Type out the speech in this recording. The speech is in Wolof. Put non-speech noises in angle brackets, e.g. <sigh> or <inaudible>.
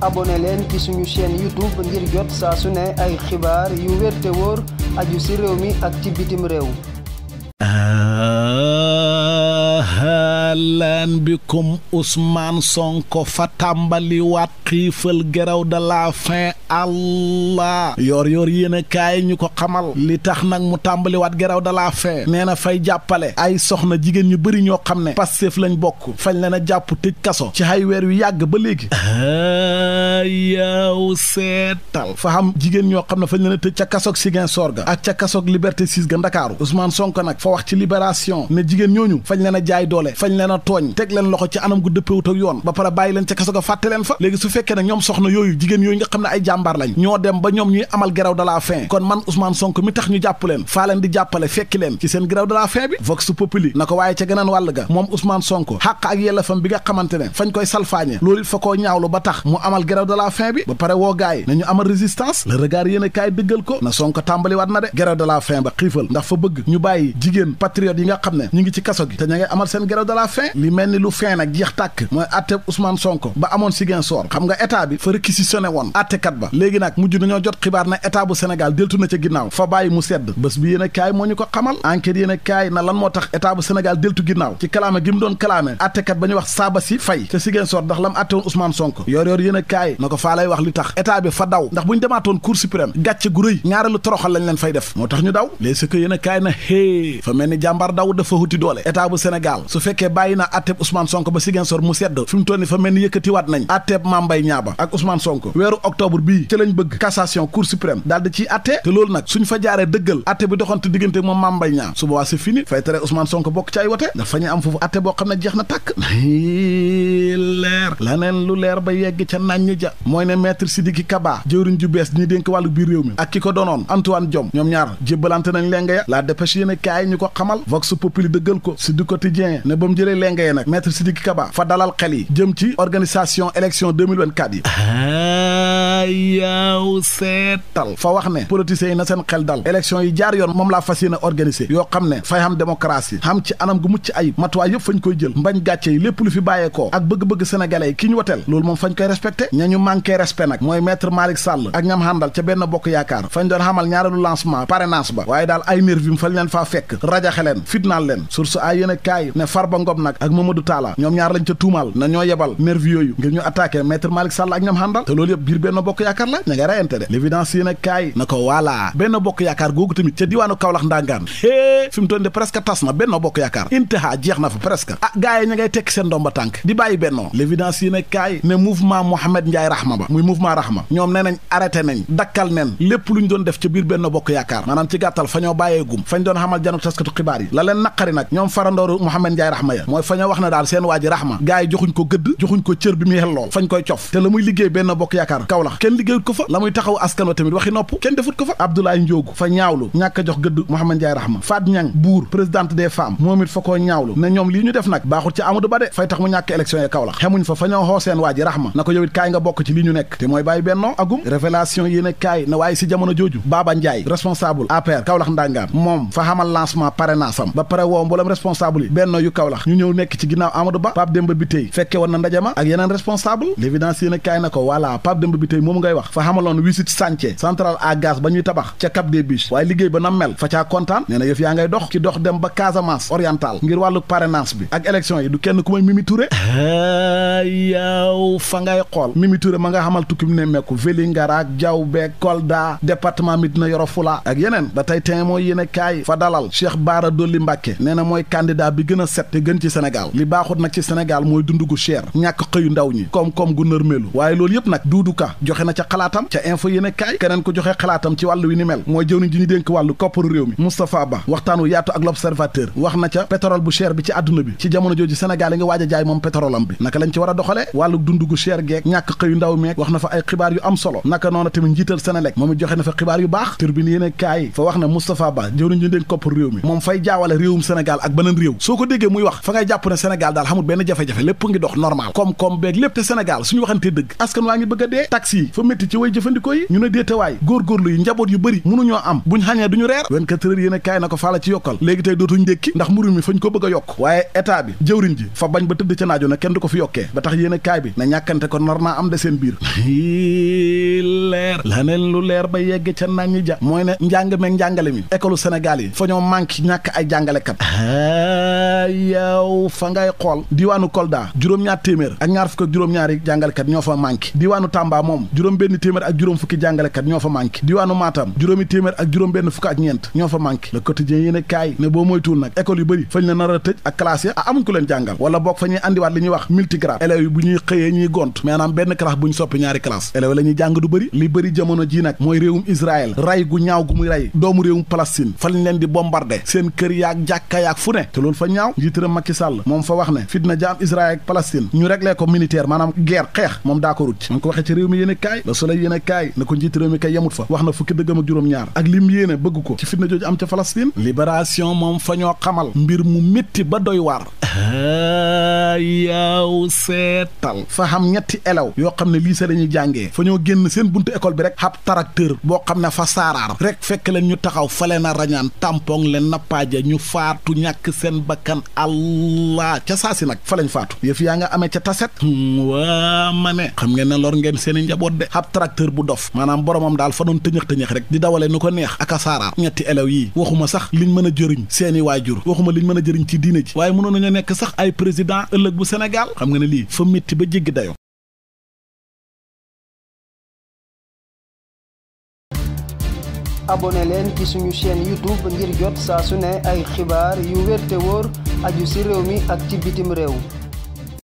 abonné leen ci suñu chaîne YouTube ngir jot saa su ne ay xibaar yu wér te wóor aju ci réew mi ak ci bitim réew. lan bikum Ousmane Sonko fa tàmbaliwaat xiifal geraw de la faim allah yoor yoor yéen a kaay ñu ko xamal li tax nag mu tàmbaliwaat geraw de la faim nee na fay jàppale ay soxna jigéen ñu bëri ñoo xam ne Pastef lañ bokk fañ leen a jàpp tëj kaso ci ay weer yu yàgg ba léegi ah, yaw seetal fa xam jigéen ñoo xam ne fañ leen a tëj ca kasoog Ziguinchor ga ak ca kasoog Liberté 6 ga Ndakaaru Ousmane Sonko nag fa wax ci libération ne jigéen ñooñu fañ leen a jaay doole fañ leen a tooñ teg leen loxo ci anam gu dëppewut fekke ne ñoom soxna yooyu jigéen yooyu nga xam ne ay jàmbaar lañ ñoo dem ba ñoom ñuy amal grève de la kon man Ousmane Sonko mi tax ñu jàpp leen faa leen di jàppale fekki leen ci seen grève de la faim bi vox populi na ko waaye ca geneen wàll ga moom Ousmane Sonko xàq ak yellefam bi nga xamante ne fañ koy salfaañe loolu it fa koo ñaawlu ba tax mu amal grève de la bi ba pare woo gaay nañu amal résistance le regard yéen a kaay dëggal ko na Sonko tàmbali waat na de grève de ndax fa bëgg ñu bàyyi jigéen patriote yi nga xam ne ñu ngi ci kaso gi te ña ngay amal seen grève mel ni lu fin nag jeex tàkk mooy Sonko ba amoon si gen soor nga état bi fa réquisitionné woon attekat ba léegi nag mujj nañoo jot xibaar na état bu Sénégal na ca ginnaaw fa bàyyi mu sedd bés bi yéen a kaay moo ñu ko xamal enquête yéen a kaay na lan moo tax état bu Sénégal deltu ginnaaw ci kalaame gi mu doon kalaame attekat ba ñuy wax saaba si fay ca Ziguinchor ndax la mu atte woon Ousmane Sonko yoor yoor yéen a kaay na ko faa lay wax li tax état bi fa daw ndax bu ñu demaatoon cour suprême gàcce gu rëy ñaareelu toroxal moo tax ñu daw léegi que a kaay na xée fa mel na Mbaye Niaba ak Ousmane Sonko weeru octobre bii ci lañ bëgg cassation cour suprême daal di ciy atte te loolu nag suñ fa jaaree dëggal atte bi doxante diggante moom Mame Mbaye Niang su fini fay tere Ousmane Sonko bokk ci ay wote ndax fa ñu am foofu atte boo xam ne jeex na tàkk <laughs> leer laneen lu leer ba yegg ca naññ ja mooy ne maître Sidiki Kaba jëwriñ ju bees ñi dénk wàllu biir réew mi ak ki ko doonoon Antoine Diome ñoom ñaar jébbalante nañ lenga ya la dépêche 2024 yi a yaaw seetal fa wax ne politiciens yi na seen xel dal élection yi jaar yoon moom laa fas yéene organisé yoo xam ne fay xam démocratie xam ci anam gu mucc ayib matuwaay yëpp fañ koy jël mbañ gàcce yi lépp lu fi bàyyeekoo ak bëgg-bëgg sénégalais yi ki ñu woteel loolu moom fañ koy respecté ñañu manqué respect nag mooy maître Malick Sall ak ñam xàndal ca benn bokk yaakaar fañ doon xamal ñaareelu lancement parrainage ba waaye daal ay nervi fañ leen faa fekk rajaxe leen fitnaal leen source ay yéen kaay Malick Sall ak ñam xàndal te loolu yëpp biir benn bokk yaakaar la ña nga de l'évidence yéen na ko voilà benn bokk yaakaar googu tamit ca diwaanu Kaolack ndangaan é fi mu toon de presque tas na benn bokk yaakaar intaha jeex na fa presque ah gars yi tekki seen ndomba tànk di bàyyi bennoo l'évidence yéen ne mouvement Mohamed Ndiaye Rahma ba muy mouvement Rahma ñoom nee nañ arrêté dakkal nen lépp lu ñu doon def ca biir benn bokk yaakaar Yoff te la muy liggéey benn bokk yaakaar Kaolack kenn liggéeyut ko fa la muy taxaw askan wa tamit waxi nopp kenn defut ko fa Abdoulaye Ndiogu fa ñaawlu ñàkk a jox gëdd Mouhamed Ndiaye Rahma Fat Niang buur présidente des femmes moom it fa koo ñaawlu ne ñoom lii ñu def nag baaxut ci Amadou Ba de fay tax mu ñàkk élection yi Kaolack xemuñ fa fa ñoo xoo waa ji Rahma na ko yow it kaay nga bokk ci lii ñu nekk te mooy bàyyi bennoo agum révélation yéen a kaay na waaye si jamono jooju Baba Ndiaye ñu ñëw nekk ci ginnaaw Amadou Ba Pape Demba Bitèye fekke woon finance yéen a kaay na ko voilà Pape Demba bi tey moom ngay wax fa xamaloon wisit chantier centrale ba ñuy tabax ca Cap des Biches waaye liggéey ba na yëf yaa ngay dox ci dox dem ba Casamance orientale ngir wàllu parrainage bi ak élection yi du kenn ku may Mimi Touré fa ngay xool Mimi Touré ma nga xamal tukki mu ne mekku Vélingara ak Diaw beeg Kolda département dina Yoro Foulah ak yeneen ba tey tey mooy yéen a kaay fa dalal Cheikh Bara Dolly Mbacké nee na mooy candidat bi gën a set te gën ci Sénégal li baaxut nag ci Sénégal mooy dund gu cher ñàkk xëyu ndaw ñi koom-koom gu nërmeelu waaye loolu yëpp nag Doudou Ka joxe na ca xalaatam ca info yéen kaay keneen ko joxe xalaatam ci wàllu wi ni mel mooy jëwriñ ji ñu dénk wàllu kopparu réew mi Moustapha Ba waxtaan wu yaatu ak l'observateur wax na ca pétrole bu cher bi ci àdduna bi ci jamono jooju Sénégal yi nga waaj a jaay moom pétrole am bi naka lañ ci war a doxale wàllu dund gu cher geek ñàkk xëyu ndaw meek wax na fa ay xibaar yu am solo naka noonu tamit njiital Sénélec moom it joxe na fa xibaar baax turbine yéen kaay fa wax ne Moustapha Ba jëwriñ ji ñu dénk kopparu ak beneen réew soo ko déggee muy wax fa ngay jàpp ne Sénégal daal benn jafe-jafe lépp ngi dox normal koom-koom beeg waxante dëgg askan waa ngi bëgg a dee taxi yi fa métti ci way jëfandikoo yi ñu ne déetawaay góorgóorlu yi njaboot yu bëri mënuñoo am buñ xañee duñu reer 24 heures yéen a kaay na ko faala ci yokkal léegi tey dootuñ dékki ndax mburu mi fañ ko bëgg yokk waaye état bi jëwriñ ji fa bañ ba tëdd ca naaju na kenn du ko fi yokkee ba tax yéen a kaay bi na ñàkkante ko nar naa am de seen biir <laughs> leer la neen lu leer ba yegg ca naan ñi ja mooy ne njàng meeg njàngale mi école Sénégal yi fa ñoo manque ñàkk ay jàngalekat fa ngay xool diwaanu Kolda juróom-ñaar téeméer ñaar fukk ak juróom jàngalekat ñoo fa manqué diwaanu Tamba moom juróom benn téeméer ak juróom fukki jàngalekat ñoo fa manqué diwaanu Matam juróomi téeméer ak juróom benn fukk ak ñeent ñoo fa manqué le quotidien yéen a kaay ne boo moytuwul nag école yu bëri fañ la nar a tëj ak classe ya a amuñ ku leen jàngal wala boog fa ñuy andiwaat li ñuy wax multigrade élèves yi bu ñuy xëyee ñuy gont maanaam benn classe bu ñu soppi ñaari classe élèves la ñuy jàng du bëri li bëri jamono ji nag moom fa wax ne fitna jaam Israël ak ko militaire maanaam moom daa ko rucc ma ko waxee ci réew mi yéen a kaay la Soleil yéen na ko njiit mi kay yemut fa wax na fukki dëggam ak juróom-ñaar ak lim yéene bëgg ko ci fitna jooju am ca Palestine libération moom fa ñoo xamal mbir mu métti ba doy waar yaaw seetal fa xam ñetti elew yoo xam ne lii sa dañuy jàngee fa ñëw génn seen buntu école bi rek xab tracteur boo xam ne fa saaraar rek fekk leen ñu taxaw fa leen a rañaan tampon leen nappaaja ñu faatu ñàkk seen bakkan allah ca saa si nag fa lañ faatu yëf yaa nga amee ca taset hmm, waa ma ne xam ngeen ne lor ngeen seen i njaboot de xab tracteur bu dof maanaam boromam daal fa doon tëñëx tëñëx rek di dawale nu ko neex ak a saaraar ñetti elew yii waxuma sax liñ mën a jëriñ seen i waajur waxuma liñ mën a jëriñ nekk sax ay président ëllëg bu Sénégal xam nga ne lii fa métti ba jéggi dayo leen ci suñu ngir jot saa su ne ay xibaar yu wér te wóor aju ci réew mi ak ci bitim réew